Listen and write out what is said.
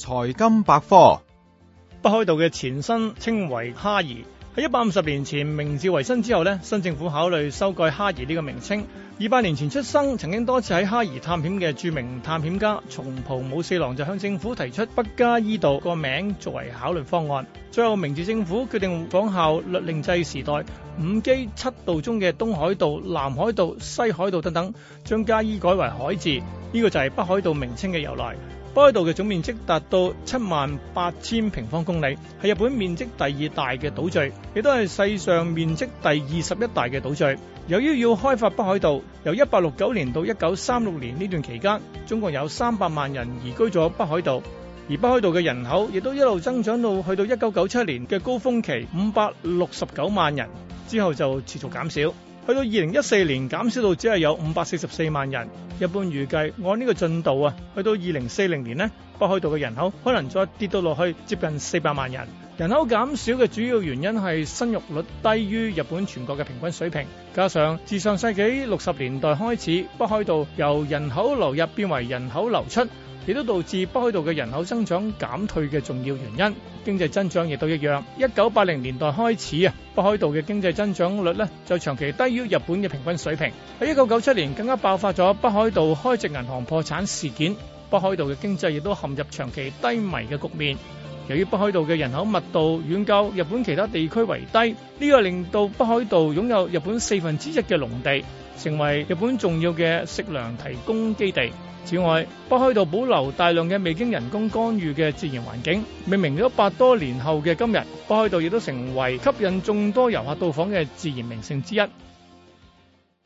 財金百科，北海道嘅前身稱為蝦夷，喺一百五十年前明治維新之後呢，新政府考慮修改蝦夷呢個名稱。二百年前出生，曾經多次喺蝦夷探險嘅著名探險家松浦武四郎就向政府提出北加伊道個名作為考慮方案。最後明治政府決定仿效律令制時代五畿七道中嘅東海道、南海道、西海道等等，將加伊改為海字，呢個就係北海道名稱嘅由來。北海道嘅總面積達到七萬八千平方公里，係日本面積第二大嘅島嶼，亦都係世上面積第二十一大嘅島嶼。由於要開發北海道，由一八六九年到一九三六年呢段期間，總共有三百萬人移居咗北海道，而北海道嘅人口亦都一路增長到去到一九九七年嘅高峰期五百六十九萬人，之後就持續減少。去到二零一四年減少到只有五百四十四萬人，一般預計按呢個進度啊，去到二零四零年呢，北海道嘅人口可能再跌到落去接近四百萬人。人口減少嘅主要原因係生育率低於日本全國嘅平均水平，加上自上世紀六十年代開始，北海道由人口流入變為人口流出。亦都導致北海道嘅人口增長減退嘅重要原因，經濟增長亦都一樣，一九八零年代開始啊，北海道嘅經濟增長率咧就長期低於日本嘅平均水平。喺一九九七年更加爆發咗北海道拓殖銀行破產事件，北海道嘅經濟亦都陷入長期低迷嘅局面。由於北海道嘅人口密度遠較日本其他地區為低，呢個令到北海道擁有日本四分之一嘅農地，成為日本重要嘅食糧提供基地。此外，北海道保留大量嘅未經人工干預嘅自然環境，命名咗百多年後嘅今日，北海道亦都成為吸引眾多遊客到訪嘅自然名勝之一。